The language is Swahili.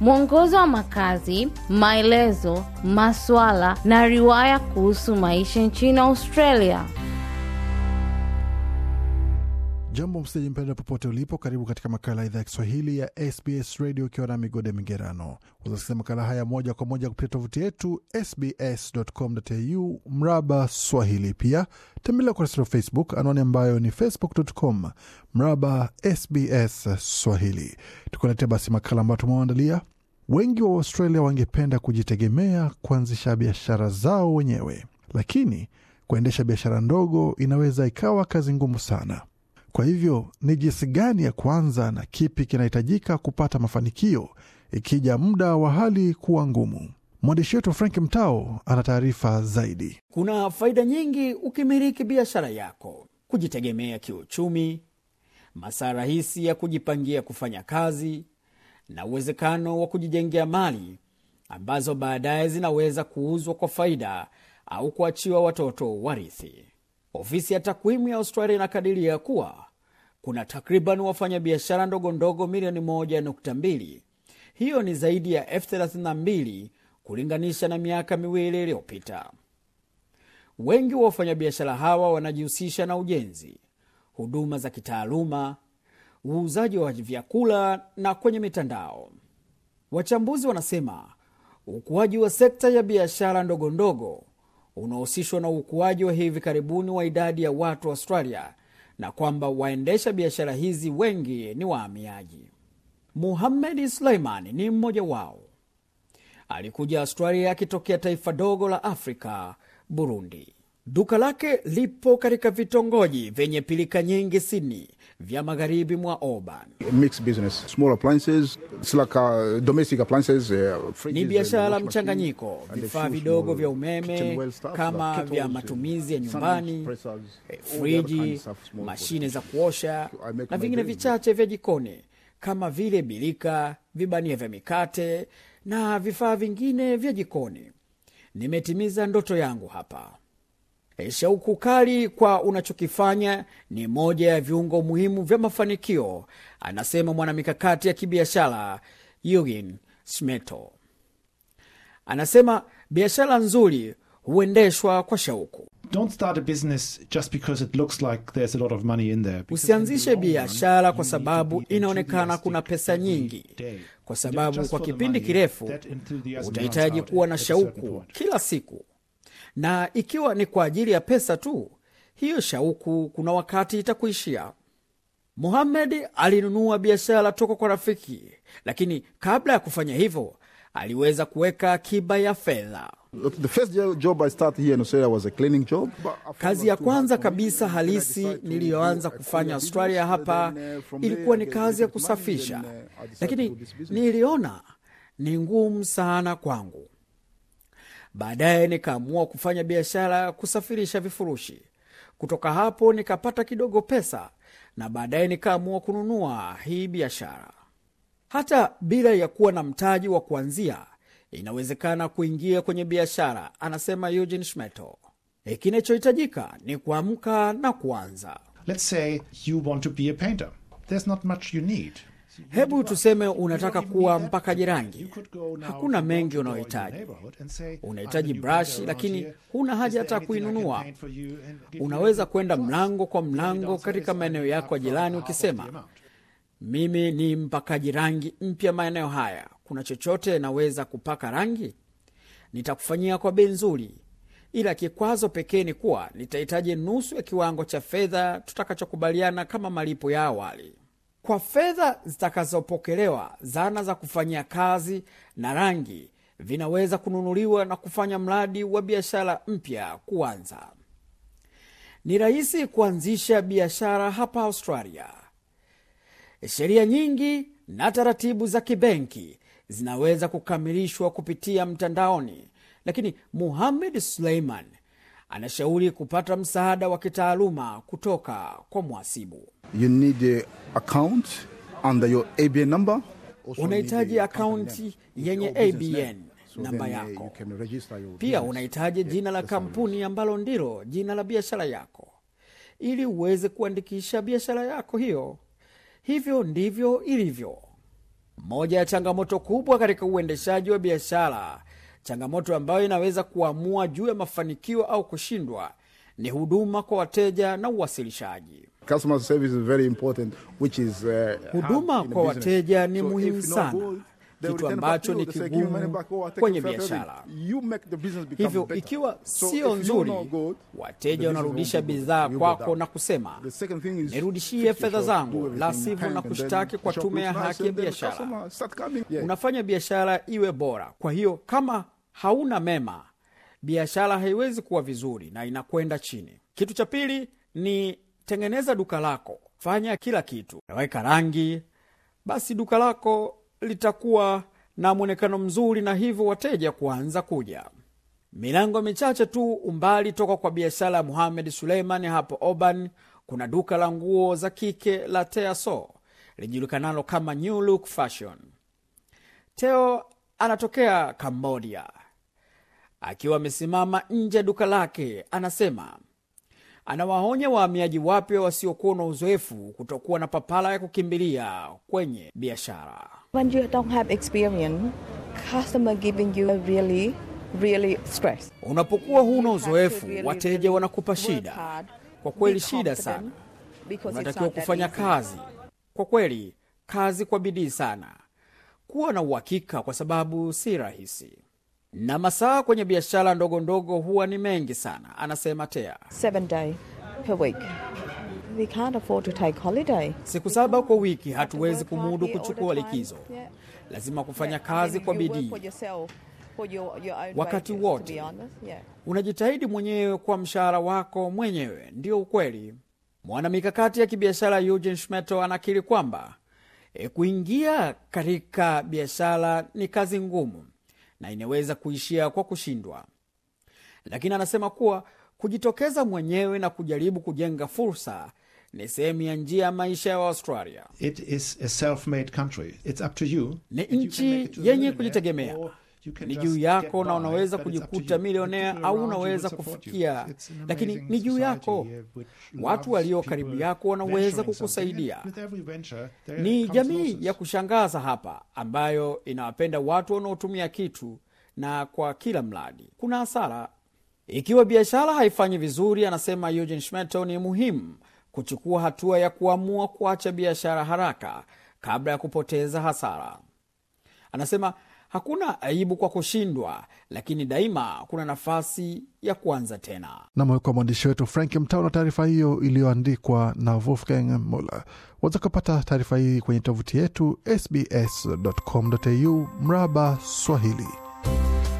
mwongozo wa makazi, maelezo, maswala na riwaya kuhusu maisha nchini Australia. Jambo msiji mpenda popote ulipo, karibu katika makala ya idhaa ya Kiswahili ya SBS Radio ukiwa na migode migerano. Uzasikiza makala haya moja kwa moja kupitia tovuti yetu sbs.com.au mraba swahili. Pia tembelea ukurasa wa Facebook, anwani ambayo ni facebook.com mraba sbs swahili. Tukuletea basi makala ambayo tumewaandalia. Wengi wa Australia wangependa kujitegemea, kuanzisha biashara zao wenyewe, lakini kuendesha biashara ndogo inaweza ikawa kazi ngumu sana. Kwa hivyo ni jinsi gani ya kuanza na kipi kinahitajika kupata mafanikio ikija muda wa hali kuwa ngumu. Mwandishi wetu Frank Mtao ana taarifa zaidi. Kuna faida nyingi ukimiliki biashara yako: kujitegemea kiuchumi, masaa rahisi ya kujipangia kufanya kazi, na uwezekano wa kujijengea mali ambazo baadaye zinaweza kuuzwa kwa faida au kuachiwa watoto warithi. Ofisi ya takwimu ya Australia inakadiria kuwa kuna takriban wafanyabiashara ndogo ndogo milioni 1.2. Hiyo ni zaidi ya 32 kulinganisha na miaka miwili iliyopita. Wengi wa wafanyabiashara hawa wanajihusisha na ujenzi, huduma za kitaaluma, uuzaji wa vyakula na kwenye mitandao. Wachambuzi wanasema ukuaji wa sekta ya biashara ndogondogo unahusishwa na ukuaji wa hivi karibuni wa idadi ya watu wa Australia na kwamba waendesha biashara hizi wengi ni wahamiaji. Muhamedi Suleimani ni mmoja wao. Alikuja Australia akitokea taifa dogo la Afrika, Burundi. Duka lake lipo katika vitongoji vyenye pilika nyingi sini vya magharibi mwa Oban. Eh, Ni biashara mchanganyiko, vifaa vidogo vya umeme kama like vya matumizi ya nyumbani, eh, friji, mashine za kuosha na vingine vichache vya jikoni kama vile bilika vibania vya mikate na vifaa vingine vya jikoni. Nimetimiza ndoto yangu hapa. E, shauku kali kwa unachokifanya ni moja ya viungo muhimu vya mafanikio, anasema mwanamikakati ya kibiashara yugin Smeto. Anasema biashara nzuri huendeshwa kwa shauku. Usianzishe biashara kwa sababu inaonekana kuna pesa nyingi, kwa sababu kwa kipindi kirefu utahitaji kuwa na shauku kila siku na ikiwa ni kwa ajili ya pesa tu, hiyo shauku kuna wakati itakuishia. Muhamedi alinunua biashara toka kwa rafiki, lakini kabla ya kufanya hivyo aliweza kuweka akiba ya fedha. Kazi ya kwanza kabisa halisi niliyoanza kufanya Australia hapa ilikuwa ni kazi ya kusafisha, lakini niliona ni ngumu sana kwangu. Baadaye nikaamua kufanya biashara ya kusafirisha vifurushi. Kutoka hapo nikapata kidogo pesa, na baadaye nikaamua kununua hii biashara. Hata bila ya kuwa na mtaji wa kuanzia, inawezekana kuingia kwenye biashara, anasema Eugene Schmeto. E, kinachohitajika ni kuamka na kuanza. Let's say you want to be a painter. There's not much you need. Hebu tuseme unataka kuwa mpakaji rangi, hakuna mengi unayohitaji. Unahitaji brashi, lakini huna haja hata kuinunua. Unaweza kwenda mlango kwa mlango katika maeneo yako ya jirani, ukisema mimi ni mpakaji rangi mpya maeneo haya, kuna chochote naweza kupaka rangi? Nitakufanyia kwa bei nzuri, ila kikwazo pekee ni kuwa nitahitaji nusu ya kiwango cha fedha tutakachokubaliana kama malipo ya awali. Kwa fedha zitakazopokelewa, zana za kufanyia kazi na rangi vinaweza kununuliwa na kufanya mradi wa biashara mpya kuanza. Ni rahisi kuanzisha biashara hapa Australia. Sheria nyingi na taratibu za kibenki zinaweza kukamilishwa kupitia mtandaoni, lakini Muhamed Suleiman anashauri kupata msaada wa kitaaluma kutoka kwa mwasibu You need a account under your ABN number. Unahitaji akaunti yenye ABN namba uh, yako. Pia unahitaji jina la kampuni ambalo ndilo jina la biashara yako ili uweze kuandikisha biashara yako hiyo. Hivyo ndivyo ilivyo. Moja ya changamoto kubwa katika uendeshaji wa biashara Changamoto ambayo inaweza kuamua juu ya mafanikio au kushindwa ni huduma kwa wateja na uwasilishaji. Customer service is very important, which is, uh, huduma kwa wateja ni so muhimu sana kitu ambacho ni kigumu kwenye biashara. Hivyo ikiwa sio nzuri, wateja wanarudisha bidhaa kwako na kusema nirudishie fedha zangu, la sivyo na kushtaki kwa Tume ya Haki ya Biashara. Unafanya biashara iwe bora. Kwa hiyo kama hauna mema, biashara haiwezi kuwa vizuri na inakwenda chini. Kitu cha pili ni tengeneza duka lako, fanya kila kitu, naweka rangi, basi duka lako litakuwa na mwonekano mzuri na hivyo wateja kuanza kuja. Milango michache tu umbali toka kwa biashara ya Muhamed Suleimani hapo Oban kuna duka la nguo za kike la Teaso lijulikanalo kama New Look Fashion. Teo anatokea Kambodia. Akiwa amesimama nje ya duka lake, anasema anawaonya wahamiaji wapya wasiokuwa na uzoefu kutokuwa na papala ya kukimbilia kwenye biashara. When you don't have experience, customer giving you a really really stress. Unapokuwa huna uzoefu, wateja wanakupa shida, kwa kweli shida sana. Unatakiwa kufanya kazi kwa kweli, kazi kwa bidii sana, kuwa na uhakika, kwa sababu si rahisi na masaa kwenye biashara ndogo ndogo huwa ni mengi sana, anasema Tea. Seven day per week. Siku saba kwa wiki hatuwezi kumudu kuchukua likizo. Lazima kufanya kazi kwa bidii wakati wote. Unajitahidi mwenyewe kwa mshahara wako mwenyewe, ndio ukweli. Mwanamikakati ya kibiashara Eugene Schmeto anakiri kwamba e, kuingia katika biashara ni kazi ngumu na inaweza kuishia kwa kushindwa, lakini anasema kuwa Kujitokeza mwenyewe na kujaribu kujenga fursa ni sehemu ya njia ya maisha ya Australia. It is a self-made country. It's up to you. Ni nchi yenye kujitegemea ni juu yako na unaweza kujikuta milionea au unaweza kufikia, lakini ni juu yako. Watu walio karibu yako wanaweza kukusaidia. Ni jamii ya kushangaza hapa ambayo inawapenda watu wanaotumia kitu, na kwa kila mradi kuna hasara ikiwa biashara haifanyi vizuri, anasema eugen Schmeto, ni muhimu kuchukua hatua ya kuamua kuacha biashara haraka kabla ya kupoteza hasara. Anasema hakuna aibu kwa kushindwa, lakini daima kuna nafasi ya kuanza tena. Namwekwa mwandishi wetu Frank Mtao na taarifa hiyo iliyoandikwa na Wolfgang Muller. Waweza kupata taarifa hii kwenye tovuti yetu sbs.com.au mraba Swahili.